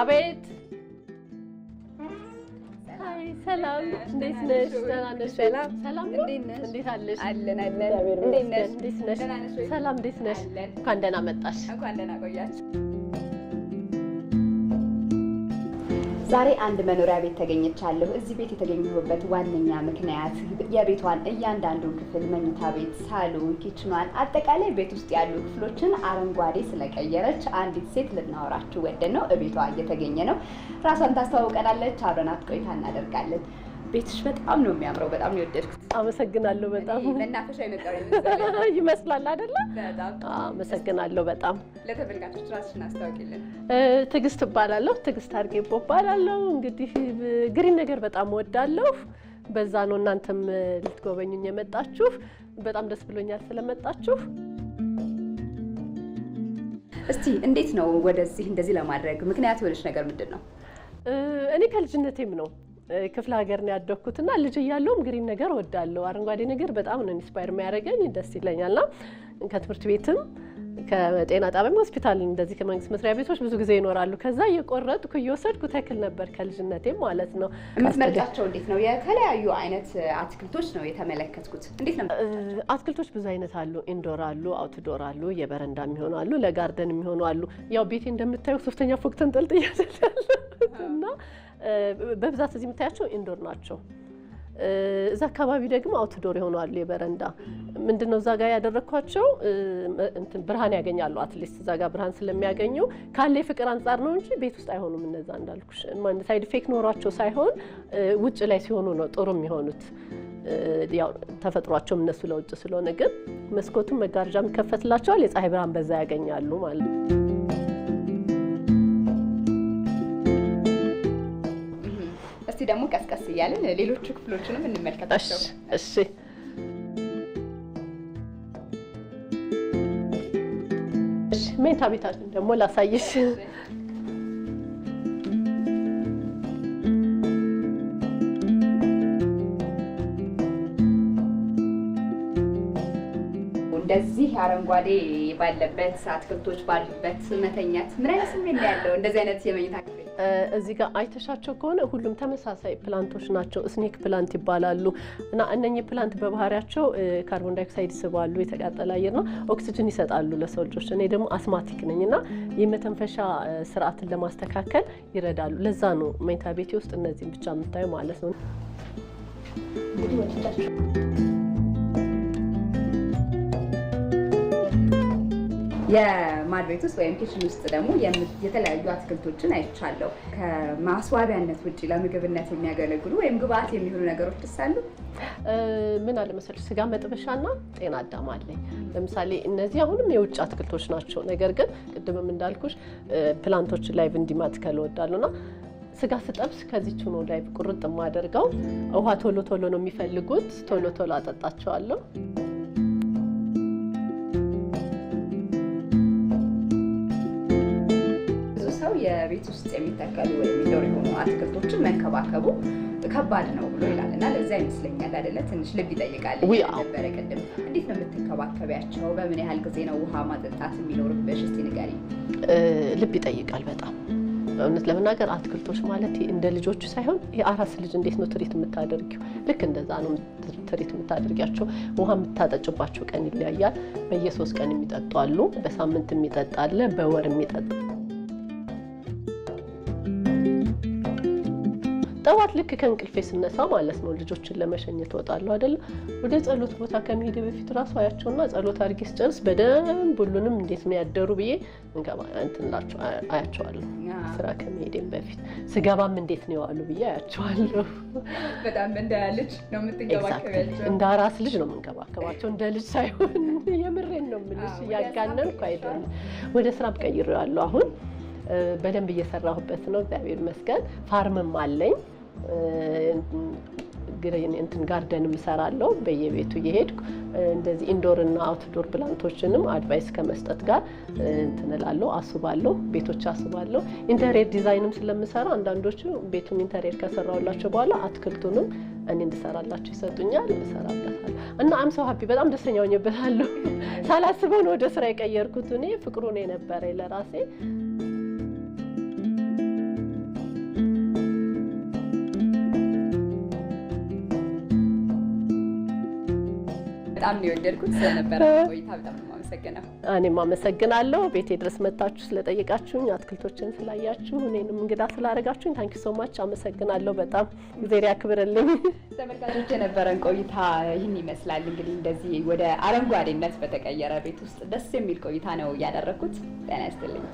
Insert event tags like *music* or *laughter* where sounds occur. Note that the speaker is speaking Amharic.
አቤት ሰላም እንዴት ነሽ? ደህና ነሽ? ሰላም ሰላም፣ እንዴት አለሽ? አለን አለን። እንዴት ነሽ? ሰላም እንዴት ነሽ? እንኳን ደህና መጣሽ። እንኳን ደህና ቆያችሁ። ዛሬ አንድ መኖሪያ ቤት ተገኝቻለሁ። እዚህ ቤት የተገኘሁበት ዋነኛ ምክንያት የቤቷን እያንዳንዱን ክፍል መኝታ ቤት፣ ሳሎን፣ ኪችኗን፣ አጠቃላይ ቤት ውስጥ ያሉ ክፍሎችን አረንጓዴ ስለቀየረች አንዲት ሴት ልናወራችሁ ወደን ነው። እቤቷ እየተገኘ ነው። ራሷን ታስተዋውቀናለች። አብረናት ቆይታ እናደርጋለን። ቤትሽ በጣም ነው የሚያምረው። በጣም ነው የወደድኩት። አመሰግናለሁ። በጣም መናፈሻ *laughs* ይመስላል አይደለ? አመሰግናለሁ። በጣም ለተመልካቾች ራስሽን አስታውቂልን። ትዕግስት እባላለሁ። ትዕግስት አርጌቦ እባላለሁ። እንግዲህ ግሪን ነገር በጣም እወዳለሁ። በዛ ነው እናንተም ልትጎበኙኝ የመጣችሁ። በጣም ደስ ብሎኛል ስለመጣችሁ። እስቲ እንዴት ነው ወደዚህ እንደዚህ ለማድረግ ምክንያት የሆነች ነገር ምንድን ነው? እኔ ከልጅነቴም ነው ክፍለ ሀገር ነው ያደግኩት እና ልጅ እያለውም ግሪን ነገር ወዳለሁ። አረንጓዴ ነገር በጣም ነው ኢንስፓየር የሚያደርገኝ ደስ ይለኛል። ና ከትምህርት ቤትም ከጤና ጣቢያም ሆስፒታል፣ እንደዚህ ከመንግስት መስሪያ ቤቶች ብዙ ጊዜ ይኖራሉ። ከዛ እየቆረጥኩ እየወሰድኩ ተክል ነበር ከልጅነቴም ማለት ነው። የምትመርጫቸው እንዴት ነው? የተለያዩ አይነት አትክልቶች ነው የተመለከትኩት። እንዴት ነው አትክልቶች? ብዙ አይነት አሉ። ኢንዶር አሉ፣ አውትዶር አሉ፣ የበረንዳ የሚሆኑ አሉ፣ ለጋርደን የሚሆኑ አሉ። ያው ቤቴ እንደምታየው ሶስተኛ ፎቅ ተንጠልጥያ እና በብዛት እዚህ የምታያቸው ኢንዶር ናቸው። እዛ አካባቢ ደግሞ አውትዶር ይሆናሉ። የበረንዳ ምንድነው እዛ ጋር ያደረግኳቸው ብርሃን ያገኛሉ። አትሊስት እዛ ጋር ብርሃን ስለሚያገኙ ካለ የፍቅር አንጻር ነው እንጂ ቤት ውስጥ አይሆኑም። እነዛ እንዳልኩሽ ሳይድ ፌክ ኖሯቸው ሳይሆን ውጭ ላይ ሲሆኑ ነው ጥሩ የሚሆኑት። ያው ተፈጥሯቸውም እነሱ ለውጭ ስለሆነ ግን መስኮቱም መጋረጃም ይከፈትላቸዋል። የፀሐይ ብርሃን በዛ ያገኛሉ ማለት ነው። እስቲ ደግሞ ቀስቀስ እያለን ሌሎቹ ክፍሎችንም እንመልከታቸው። እሺ መኝታ ቤታችን ደግሞ ላሳይሽ። እንደዚህ አረንጓዴ ባለበት አትክልቶች ባሉበት መተኛት ምን አይነት ስሜት ያለው እንደዚህ አይነት የመኝታ እዚህ ጋር አይተሻቸው ከሆነ ሁሉም ተመሳሳይ ፕላንቶች ናቸው። ስኔክ ፕላንት ይባላሉ እና እነኚህ ፕላንት በባህሪያቸው ካርቦን ዳይኦክሳይድ ይስባሉ፣ የተቃጠለ አየር ነው፣ ኦክሲጅን ይሰጣሉ ለሰው ልጆች። እኔ ደግሞ አስማቲክ ነኝ እና የመተንፈሻ ስርዓትን ለማስተካከል ይረዳሉ። ለዛ ነው መኝታ ቤቴ ውስጥ እነዚህም ብቻ የምታዩ ማለት ነው። የማድ ውስጥ ወይም ኪችን ውስጥ ደግሞ የተለያዩ አትክልቶችን አይቻለሁ። ከማስዋቢያነት ውጭ ለምግብነት የሚያገለግሉ ወይም ግብአት የሚሆኑ ነገሮች ትሳሉ ምን አለ መሰለሽ ስጋ መጥበሻና ጤና አዳም አለኝ። ለምሳሌ እነዚህ አሁንም የውጭ አትክልቶች ናቸው። ነገር ግን ቅድምም እንዳልኩሽ ፕላንቶች ላይቭ እንዲማትከል እወዳለሁና ስጋ ስጠብስ ከዚች ሆኖ ላይ ቁርጥ የማደርገው ውሃ ቶሎ ቶሎ ነው የሚፈልጉት። ቶሎ ቶሎ አጠጣቸዋለሁ። የቤት ውስጥ የሚተከሉ ወይም ኢንዶር የሆኑ አትክልቶችን መንከባከቡ ከባድ ነው ብሎ ይላል እና ለዛ ይመስለኛል አይደለ ትንሽ ልብ ይጠይቃል ነበረ ቅድም። እንዴት ነው የምትንከባከቢያቸው? በምን ያህል ጊዜ ነው ውሃ ማጠጣት የሚኖርብሽ? እስቲ ንገሪኝ። ልብ ይጠይቃል በጣም እውነት ለመናገር አትክልቶች ማለት እንደ ልጆቹ ሳይሆን የአራስ ልጅ እንዴት ነው ትሪት የምታደርጊው? ልክ እንደዛ ነው ትሪት የምታደርጊያቸው። ውሃ የምታጠጭባቸው ቀን ይለያያል። በየሶስት ቀን የሚጠጡ አሉ፣ በሳምንት የሚጠጣ አለ፣ በወር የሚጠጣ ጠዋት ልክ ከእንቅልፌ ስነሳ ማለት ነው ልጆችን ለመሸኘት ወጣለሁ አይደለ? ወደ ጸሎት ቦታ ከመሄድ በፊት ራሱ አያቸውና ጸሎት አድርጌ ስጨርስ በደንብ ሁሉንም እንዴት ነው ያደሩ ብዬ እንገባ እንትንላቸው አያቸዋለሁ። ስራ ከመሄዴም በፊት ስገባም እንዴት ነው የዋሉ ብዬ አያቸዋለሁ። በጣም እንደ ልጅ ነው የምትንከባከቢያቸው፣ እንደ አራስ ልጅ ነው የምንከባከባቸው፣ እንደ ልጅ ሳይሆን *laughs* የምሬን ነው የምልሽ። እያጋነንኩ አይደለም። ወደ ስራም ቀይሬዋለሁ አሁን በደንብ እየሰራሁበት ነው። እግዚአብሔር ይመስገን ፋርምም አለኝ። ግሪን እንትን ጋርደንም እሰራለሁ በየቤቱ እየሄድኩ እንደዚህ ኢንዶር እና አውትዶር ፕላንቶችንም አድቫይስ ከመስጠት ጋር እንትንላለሁ አስባለሁ፣ ቤቶች አስባለሁ። ኢንተሪየር ዲዛይንም ስለምሰራ አንዳንዶቹ ቤቱን ኢንተሪየር ከሰራሁላቸው በኋላ አትክልቱንም እኔ እንድሰራላቸው ይሰጡኛል፣ እንሰራበታለሁ እና አም ሰው ሀፒ በጣም ደስተኛ ሆኜበታለሁ። ሳላስበው ወደ ስራ የቀየርኩት እኔ ፍቅሩ ነው የነበረ ለራሴ በጣም ነው የወደድኩት። ስለነበረ ቆይታ በጣም ነው የማመሰግነው። እኔም አመሰግናለሁ። ቤቴ ድረስ መታችሁ ስለጠየቃችሁኝ፣ አትክልቶችን ስላያችሁ፣ እኔንም እንግዳ ስላደረጋችሁኝ ታንኪ ሶ ማች አመሰግናለሁ። በጣም እግዜር ያክብርልኝ። ተመልካቾች የነበረን ቆይታ ይህን ይመስላል። እንግዲህ እንደዚህ ወደ አረንጓዴነት በተቀየረ ቤት ውስጥ ደስ የሚል ቆይታ ነው ያደረኩት። ጤና ይስጥልኝ።